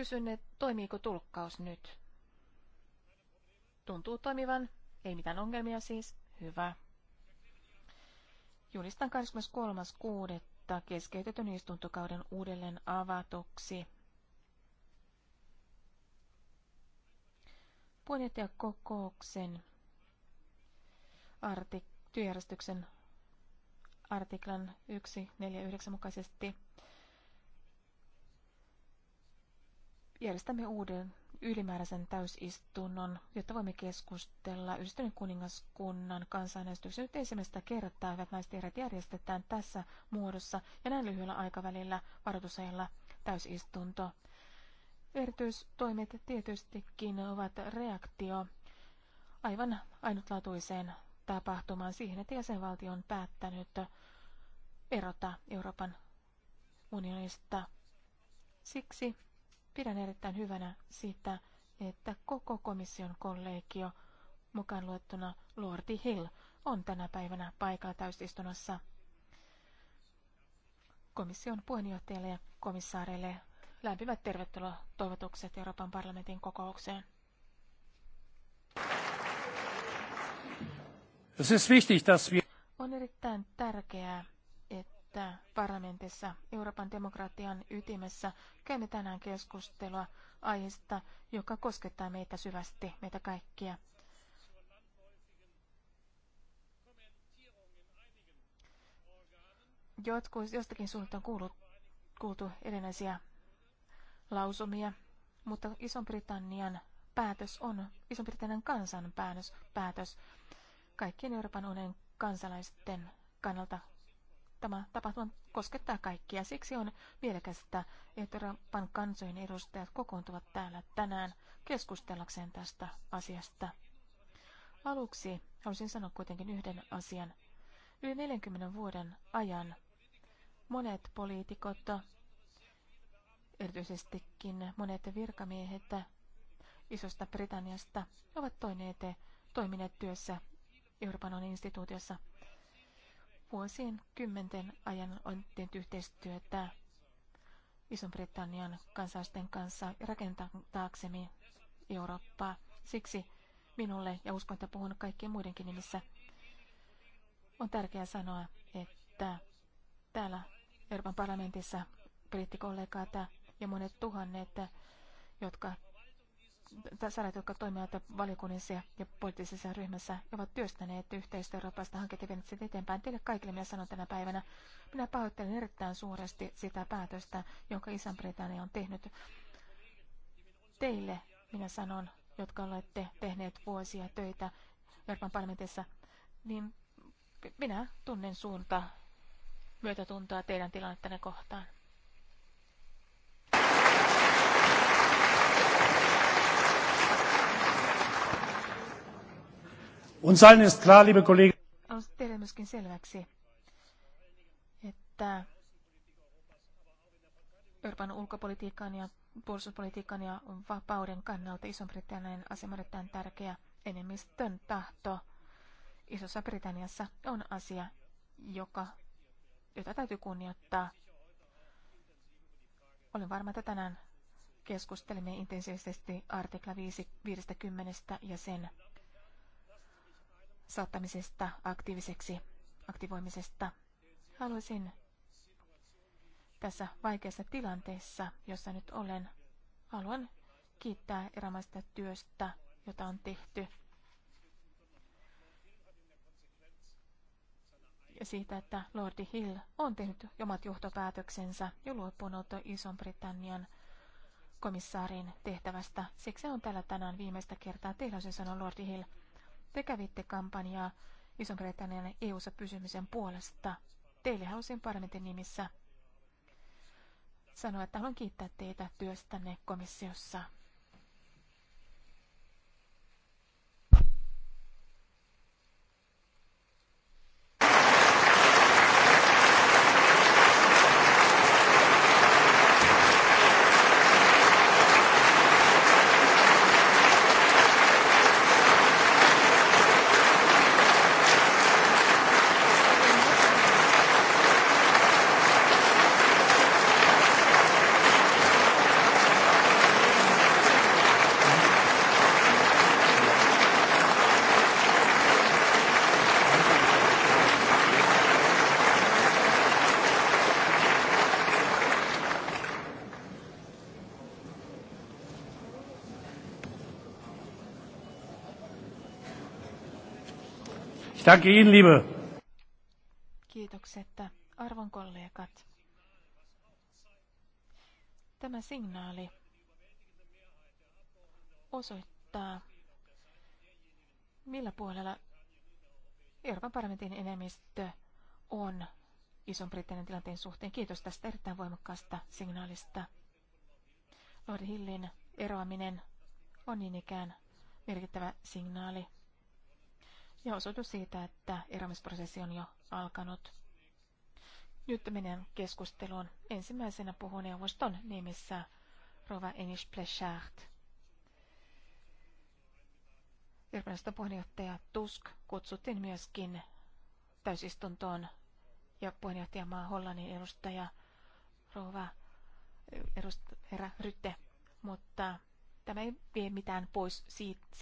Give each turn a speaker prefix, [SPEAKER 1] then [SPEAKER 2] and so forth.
[SPEAKER 1] kysyn, että toimiiko tulkkaus nyt? Tuntuu toimivan. Ei mitään ongelmia siis. Hyvä. Julistan 23.6. keskeytetyn istuntokauden uudelleen avatuksi. Puheenjohtajakokouksen artik- työjärjestyksen artiklan 149 mukaisesti järjestämme uuden ylimääräisen täysistunnon, jotta voimme keskustella yhdistyneen kuningaskunnan kansanäänestyksen. Nyt ensimmäistä kertaa hyvät naiset erät järjestetään tässä muodossa ja näin lyhyellä aikavälillä varoitusajalla täysistunto. Erityistoimet tietystikin ovat reaktio aivan ainutlaatuiseen tapahtumaan siihen, että jäsenvaltio on päättänyt erota Euroopan unionista. Siksi Pidän erittäin hyvänä sitä, että koko komission kollegio, mukaan luettuna Lordi Hill, on tänä päivänä paikalla täysistunnossa. Komission puheenjohtajalle ja komissaareille lämpimät tervetuloa toivotukset Euroopan parlamentin kokoukseen. On erittäin tärkeää, että parlamentissa, Euroopan demokratian ytimessä, käymme tänään keskustelua aiheesta, joka koskettaa meitä syvästi, meitä kaikkia. Jotkut, jostakin suunnilta on kuulut, kuultu erinäisiä lausumia, mutta iso britannian päätös on iso britannian kansan päätös, päätös kaikkien Euroopan unionin kansalaisten kannalta Tämä tapahtuma koskettaa kaikkia. Siksi on mielekästä, että Euroopan kansojen edustajat kokoontuvat täällä tänään keskustellakseen tästä asiasta. Aluksi haluaisin sanoa kuitenkin yhden asian. Yli 40 vuoden ajan monet poliitikot, erityisestikin monet virkamiehet isosta Britanniasta, ovat toineet, toimineet työssä Euroopan instituutiossa Vuosien kymmenten ajan on tehty yhteistyötä Ison-Britannian kansalaisten kanssa rakentaaksemme Eurooppaa. Siksi minulle, ja uskon, että puhun kaikkien muidenkin nimissä, on tärkeää sanoa, että täällä Euroopan parlamentissa brittikollegat ja monet tuhannet, jotka sanat, jotka toimivat valiokunnissa ja poliittisessa ryhmässä, ovat työstäneet yhteistyörapaista hanketta ja eteenpäin. Teille kaikille minä sanon tänä päivänä, minä pahoittelen erittäin suuresti sitä päätöstä, jonka isän britannia on tehnyt. Teille minä sanon, jotka olette tehneet vuosia töitä Euroopan parlamentissa, niin minä tunnen suunta myötätuntoa teidän tilannettanne kohtaan. On teille myöskin selväksi, että Euroopan ulkopolitiikan ja puolustuspolitiikan ja vapauden kannalta Iso-Britannian asema on tärkeä enemmistön tahto. Isossa Britanniassa on asia, joka, jota täytyy kunnioittaa. Olen varma, että tänään keskustelemme intensiivisesti artikla 5, 50 ja sen saattamisesta aktiiviseksi, aktivoimisesta. Haluaisin tässä vaikeassa tilanteessa, jossa nyt olen, haluan kiittää erämaista työstä, jota on tehty. Ja siitä, että Lordi Hill on tehnyt omat johtopäätöksensä ja luopunut Ison-Britannian komissaarin tehtävästä. Siksi on täällä tänään viimeistä kertaa teillä, sanoi Lordi Hill. Te kävitte kampanjaa Ison-Britannian EU-ssa pysymisen puolesta. Teille halusin parlamentin nimissä sanoa, että haluan kiittää teitä työstänne komissiossa. Ich danke Ihnen, liebe. Kiitokset, arvon kollegat. Tämä signaali osoittaa, millä puolella Euroopan parlamentin enemmistö on Ison-Britannian tilanteen suhteen. Kiitos tästä erittäin voimakkaasta signaalista. Lord Hillin eroaminen on niin ikään merkittävä signaali ja osoitus siitä, että eroamisprosessi on jo alkanut. Nyt menen keskusteluun. Ensimmäisenä puhun neuvoston nimissä Rova Enish Plechard. Irmaniston puheenjohtaja Tusk kutsuttiin myöskin täysistuntoon ja maa Hollannin edustaja Rova eh, edust, herra Rytte, mutta tämä ei vie mitään pois siitä,